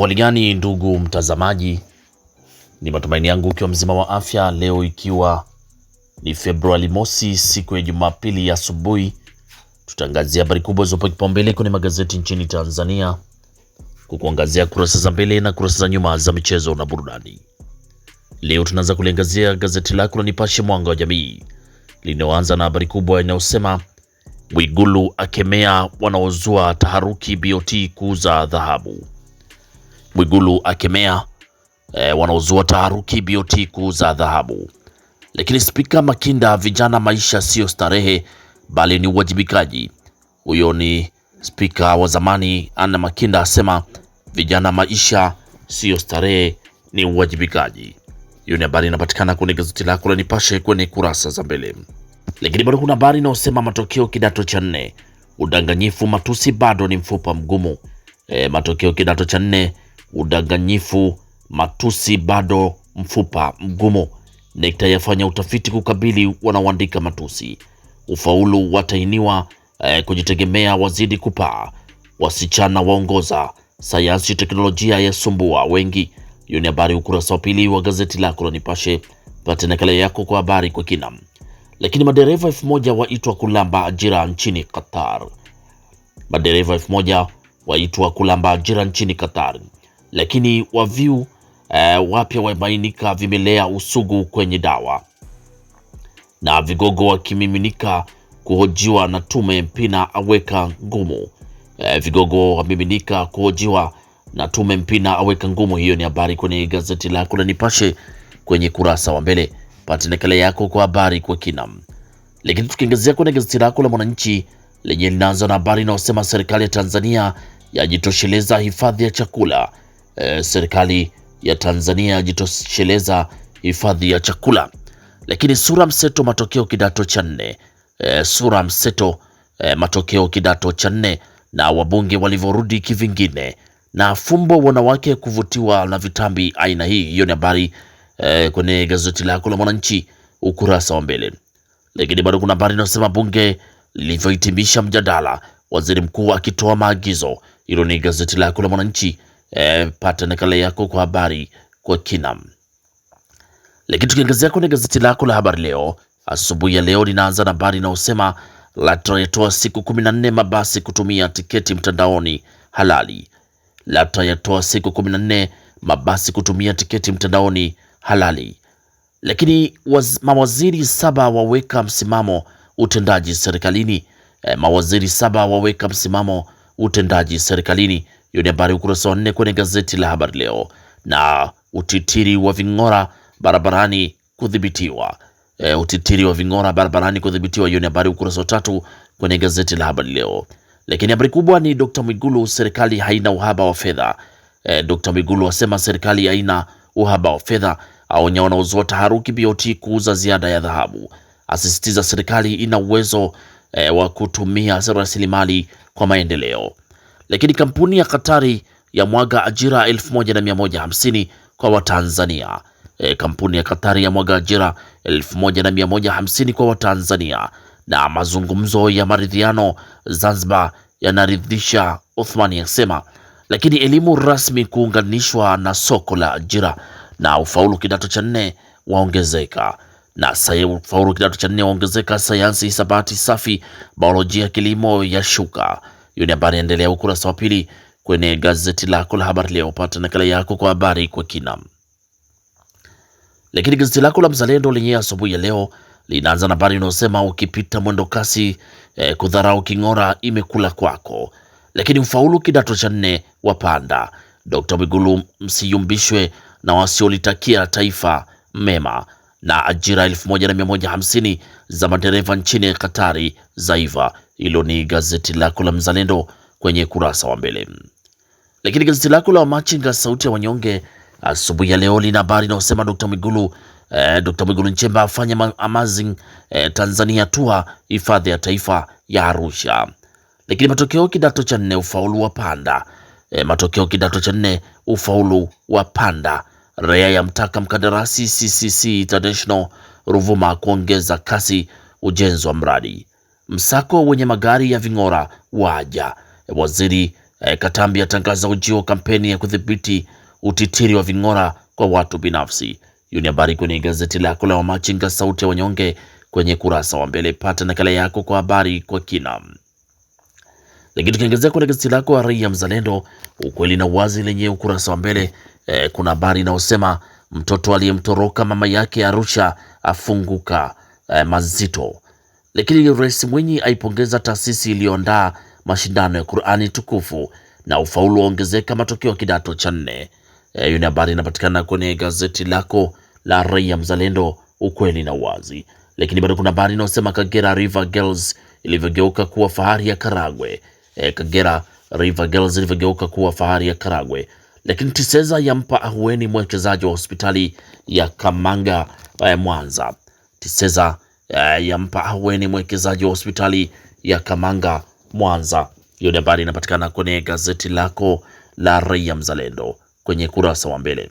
Waligani ndugu mtazamaji, ni matumaini yangu ukiwa mzima wa afya leo, ikiwa ni Februari mosi, siku ya Jumapili asubuhi, tutaangazia habari kubwa zilizopewa kipaumbele kwenye magazeti nchini Tanzania, kukuangazia kurasa za mbele na kurasa za nyuma za michezo na burudani. Leo tunaanza kuliangazia gazeti lako la Nipashe Mwanga wa Jamii linayoanza na habari kubwa inayosema Mwigulu akemea wanaozua taharuki BOT kuuza dhahabu Mwigulu akemea e, wanaozua taharuki BOT kuuza dhahabu. Lakini Spika Makinda, vijana maisha siyo starehe bali ni uwajibikaji. Huyo ni spika wa zamani Anna Makinda asema vijana maisha siyo starehe ni uwajibikaji. Hiyo ni habari inapatikana kwenye gazeti lako la Nipashe kwenye kurasa za mbele. Lakini bado kuna habari inayosema matokeo kidato cha nne, udanganyifu matusi bado ni mfupa mgumu. E, matokeo kidato cha nne udanganyifu, matusi bado mfupa mgumu. NECTA yafanya utafiti kukabili wanaoandika matusi. Ufaulu watainiwa eh, kujitegemea wazidi kupaa. Wasichana waongoza. Sayansi teknolojia yasumbua wengi. Hiyo ni habari ukurasa wa pili wa gazeti lako la Nipashe. Pate nakala yako kwa habari kwa kina. Lakini madereva elfu moja waitwa kulamba ajira nchini Qatar. Madereva elfu moja waitwa kulamba ajira nchini Qatar lakini waviu e, wapya wabainika vimelea usugu kwenye dawa na vigogo wakimiminika kuhojiwa na tume. Mpina aweka ngumu e, vigogo wamiminika kuhojiwa na tume. Mpina aweka ngumu. Hiyo ni habari kwenye gazeti lako la Nipashe kwenye kurasa wa mbele, pata nakala yako kwa habari kwa kina. Lakini tukiangazia kwenye gazeti lako la Mwananchi lenye linaanza na habari inayosema serikali ya Tanzania yajitosheleza hifadhi ya chakula eh, serikali ya Tanzania yajitosheleza hifadhi ya chakula. Lakini sura mseto matokeo kidato cha nne e, sura mseto e, matokeo kidato cha nne na wabunge walivyorudi kivingine na fumbo wanawake kuvutiwa na vitambi aina hii. Hiyo ni habari e, kwenye gazeti lako la Mwananchi ukurasa wa mbele. Lakini bado kuna habari inasema bunge lilivyohitimisha mjadala, waziri mkuu akitoa maagizo. Hilo ni gazeti lako la Mwananchi E, pata nakala yako kwa habari kwa kina. Lakini tukiangazia kwenye gazeti lako la habari leo asubuhi ya leo, linaanza na habari inayosema LATRA yatoa siku kumi na nne mabasi kutumia tiketi mtandaoni halali. LATRA yatoa siku kumi na nne mabasi kutumia tiketi mtandaoni halali. Lakini waz, mawaziri saba waweka msimamo utendaji serikalini. E, mawaziri saba waweka msimamo utendaji serikalini. Hiyo ni habari ukurasa wa nne kwenye gazeti la habari leo. Na utitiri wa ving'ora barabarani kudhibitiwa. E, utitiri wa ving'ora barabarani kudhibitiwa. Hiyo ni habari ukurasa wa tatu kwenye gazeti la habari leo. Lakini habari kubwa ni Dr. Mwigulu, serikali haina uhaba wa fedha. E, Dr. Mwigulu asema serikali haina uhaba wa fedha, aonya wanaozua taharuki BOT kuuza ziada ya dhahabu, asisitiza serikali ina uwezo e, wa kutumia rasilimali kwa maendeleo. Lakini kampuni ya Katari ya mwaga ajira 1150 kwa Watanzania. E, kampuni ya Katari ya mwaga ajira 1150 kwa Watanzania. Na mazungumzo ya maridhiano Zanzibar yanaridhisha, Othmani yasema. Lakini elimu rasmi kuunganishwa na soko la ajira na ufaulu kidato cha nne waongezeka na ufaulu kidato cha nne waongezeka. Sayansi, hisabati safi, biolojia, kilimo ya shuka. Hiyo ni habari inaendelea ukurasa wa pili kwenye gazeti lako la habari leo. Pata nakala yako kwa habari kwa kina. Lakini gazeti lako la Mzalendo lenye asubuhi ya leo linaanza na habari inayosema ukipita mwendo kasi eh, kudharau king'ora imekula kwako. Lakini mfaulu kidato cha nne wapanda. Dr. Mwigulu msiyumbishwe na wasiolitakia taifa mema na ajira 1150 za madereva nchini Katari zaiva. Hilo ni gazeti lako la Mzalendo kwenye kurasa wa mbele. Lakini gazeti lako la Wamachinga sauti ya wanyonge asubuhi ya leo lina habari inayosema Dr. Mwigulu eh, Dr. Mwigulu Nchemba afanya amazing eh, Tanzania tua hifadhi ya taifa ya Arusha. Lakini matokeo kidato cha nne ufaulu wa panda. Eh, matokeo kidato cha nne ufaulu wa panda. REA yamtaka mkandarasi CCC International Ruvuma kuongeza kasi ujenzi wa mradi. Msako wenye magari ya ving'ora waja. Waziri eh, Katambi atangaza ujio kampeni ya kudhibiti utitiri wa ving'ora kwa watu binafsi. Hiyo ni habari kwenye gazeti lako la Wamachinga, sauti ya wanyonge, kwenye kurasa wa mbele. Pata nakala yako kwa habari kwa kina. Lakini tukiangazia kwenye gazeti lako la Raia Mzalendo, ukweli na uwazi, lenye ukurasa wa mbele eh, kuna habari inayosema mtoto aliyemtoroka mama yake Arusha afunguka eh, mazito. Lakini Rais Mwinyi aipongeza taasisi iliyoandaa mashindano ya Qur'ani tukufu na ufaulu waongezeka matokeo ya kidato cha nne. E, hiyo ni habari inapatikana kwenye gazeti lako la Raia Mzalendo, ukweli na uwazi. Lakini bado kuna habari inayosema Kagera River Girls ilivyogeuka kuwa fahari ya Karagwe. Eh, Kagera River Girls ilivyogeuka kuwa fahari ya Karagwe. Lakini Tiseza yampa ahueni mwekezaji wa hospitali ya Kamanga eh, Mwanza. Tiseza eh, yampa ahueni mwekezaji wa hospitali ya Kamanga Mwanza. Hiyo ni habari inapatikana kwenye gazeti lako la Raia Mzalendo kwenye kurasa wa mbele.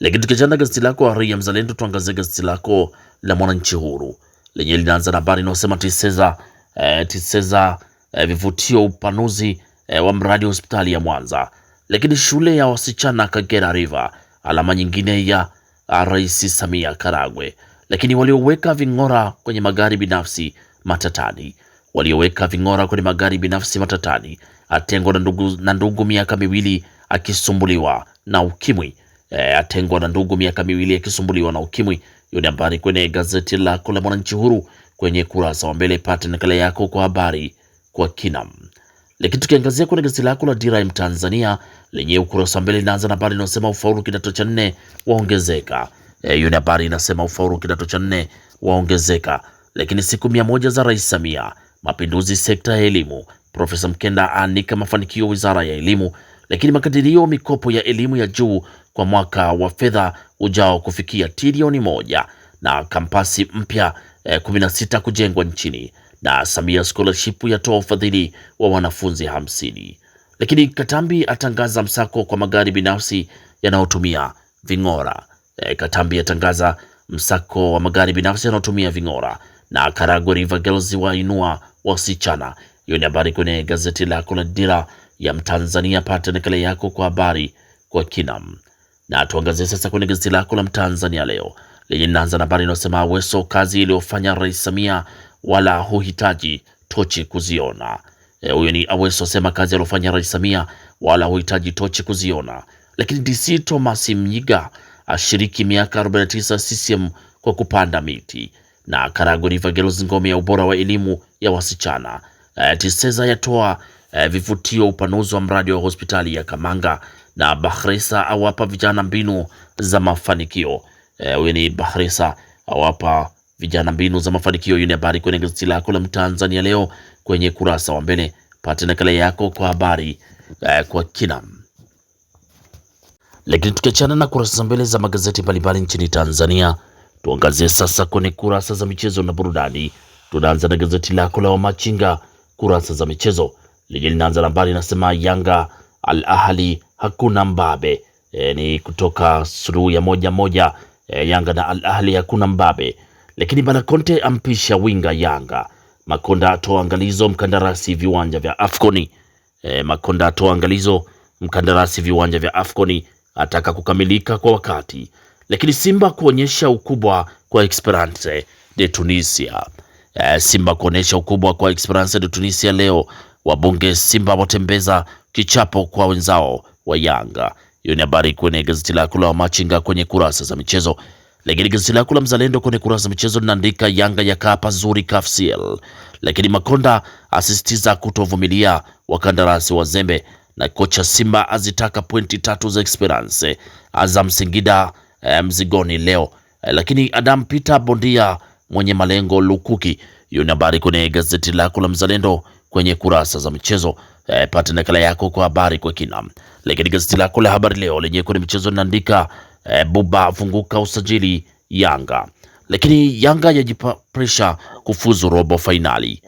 Lakini tukichana gazeti lako la Raia Mzalendo, tuangazie gazeti lako la Mwananchi Huru lenye linaanza na habari inayosema Tiseza eh, Tiseza eh, vivutio upanuzi eh, wa mradi wa hospitali ya Mwanza lakini shule ya wasichana Kagera River, alama nyingine ya Rais Samia Karagwe. Lakini walioweka ving'ora kwenye magari binafsi matatani, walioweka ving'ora kwenye magari binafsi matatani, atengwa na ndugu, na ndugu miaka miwili akisumbuliwa na ukimwi. E, atengwa na ndugu miaka miwili akisumbuliwa na ukimwi. Hiyo ni habari kwenye gazeti lako la Mwananchi Huru kwenye kurasa wa mbele. Pata nakala yako kwa habari kwa kinam. Lakini tukiangazia kwenye gazeti lako la Dira ya Mtanzania lenye ukurasa wa mbele linaanza na habari inayosema ufaulu kidato cha nne waongezeka. Eh, hiyo ni habari inasema ufaulu kidato cha nne waongezeka. Lakini siku mia moja za Rais Samia, mapinduzi sekta ya elimu, Profesa Mkenda aanika mafanikio wizara ya elimu. Lakini makadirio mikopo ya elimu ya juu kwa mwaka wa fedha ujao kufikia trilioni moja na kampasi mpya e, eh, 16 kujengwa nchini na Samia Scholarship yatoa ufadhili wa wanafunzi hamsini. Lakini Katambi atangaza msako kwa magari binafsi yanayotumia ving'ora. E, Katambi atangaza msako wa magari binafsi yanayotumia ving'ora na Karagwe River Girls wainua wasichana. Hiyo ni habari kwenye gazeti lako la Dira ya Mtanzania. Pata nakala yako kwa habari kwa kinam. Na tuangazie sasa kwenye gazeti lako la Mtanzania leo lenye naanza na habari inayosema weso kazi iliyofanya Rais Samia wala huhitaji tochi kuziona. E, huyo e, ni Aweso asema kazi aliofanya Rais Samia wala huhitaji tochi kuziona. Lakini DC Thomas Mnyiga ashiriki miaka 49 CCM kwa kupanda miti na Karagu River Girls ngome ya ubora wa elimu ya wasichana. E, Tiseza yatoa e, vivutio upanuzi wa mradi wa hospitali ya Kamanga na Bahresa awapa vijana mbinu za mafanikio. E, huyo e, ni Bahresa awapa vijana mbinu za mafanikio. Hiyo ni habari kwenye gazeti lako la Mtanzania leo kwenye kurasa wa mbele. Pata nakala yako kwa habari eh, kwa kina. Lakini tukiachana na kurasa za mbele za magazeti mbalimbali nchini Tanzania, tuangazie sasa kwenye kurasa za michezo na burudani. Tunaanza na gazeti lako la Wamachinga, kurasa za michezo lenye linaanza nambari inasema Yanga Al Ahli hakuna mbabe. E, ni kutoka suluhu ya moja moja. E, Yanga na Al Ahli hakuna mbabe. Lakini bana Conte ampisha winga Yanga. Makonda atoa angalizo mkandarasi viwanja vya Afconi. E, eh, Makonda atoa angalizo mkandarasi viwanja vya Afconi ataka kukamilika kwa wakati. Lakini Simba kuonyesha ukubwa kwa Esperance de Tunisia. E, Simba kuonyesha ukubwa kwa Esperance de Tunisia leo. Wabunge Simba watembeza kichapo kwa wenzao wa Yanga. Hiyo ni habari kwenye gazeti lako la Machinga kwenye kurasa za michezo. Lakini gazeti lako la Mzalendo kwenye kurasa za michezo linaandika Yanga ya kaa pazuri KCL, lakini Makonda asisitiza kutovumilia wakandarasi wazembe, na kocha Simba azitaka pointi tatu za Esperance. Azam Singida eh, mzigoni leo eh, lakini Adam Peter bondia mwenye malengo lukuki. Hiyo ni habari kwenye gazeti lako la Mzalendo kwenye kurasa za michezo. Eh, pata nakala yako kwa habari kwa kina. Lakini gazeti lako la Habari Leo lenyewe kwenye michezo linaandika E, Buba afunguka usajili Yanga, lakini Yanga yajipa presha kufuzu robo fainali.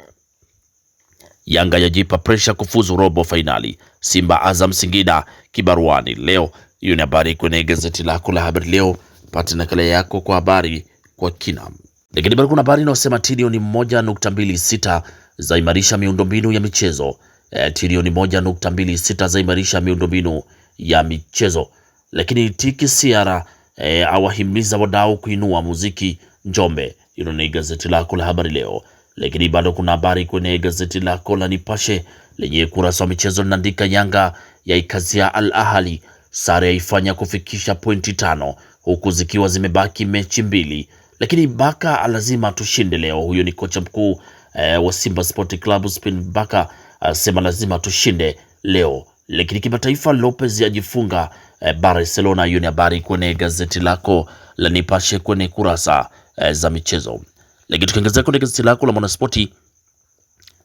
Yanga yajipa presha kufuzu robo fainali. Simba Azam Singida kibaruani leo. Hiyo ni habari kwenye gazeti lako la habari leo, pata nakala yako kwa habari kwa kina. Lakini bado kuna habari inayosema trilioni moja nukta mbili sita zaimarisha miundombinu ya michezo. E, trilioni moja nukta mbili sita zaimarisha miundombinu ya michezo. Lakini Tiki Siara e, awahimiza wadau kuinua muziki Njombe. Hilo ni gazeti lako la Habari Leo, lakini bado kuna habari kwenye gazeti lako la Nipashe lenye kurasa wa michezo linaandika Yanga yaikazia Al Ahali, sare yaifanya kufikisha pointi tano huku zikiwa zimebaki mechi mbili, lakini Baka lazima tushinde leo. Huyo ni kocha mkuu e, wa Simba Sport Club Spin Baka asema lazima tushinde leo. Lakini kimataifa, Lopez ajifunga eh, Barcelona. Hiyo ni habari kwenye gazeti lako la Nipashe kwenye kurasa eh, za michezo. Lakini tukiongezea kwenye gazeti lako la Mwanaspoti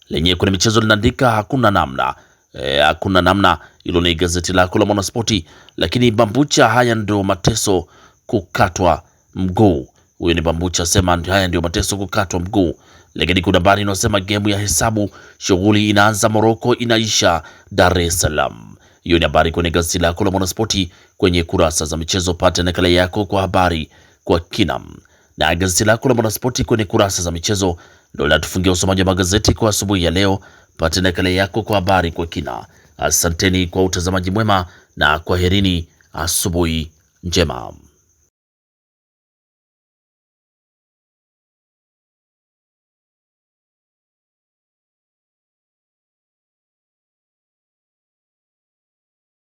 lenye kwenye michezo linaandika hakuna namna eh, hakuna namna. Hilo ni gazeti lako la Mwanaspoti. Lakini Bambucha, haya ndio mateso kukatwa mguu. Huyo ni Bambucha sema haya ndio mateso kukatwa mguu lakini kuna habari inayosema gemu ya hesabu, shughuli inaanza Moroko, inaisha Dar es Salaam. Hiyo ni habari kwenye gazeti lako la Mwanaspoti kwenye kurasa za michezo. Pata nakala yako kwa habari kwa kinam na gazeti lako la Mwanaspoti kwenye kurasa za michezo ndio linatufungia usomaji wa magazeti kwa asubuhi ya leo. Pata nakala yako kwa habari kwa kina. Asanteni kwa utazamaji mwema na kwaherini, asubuhi njema.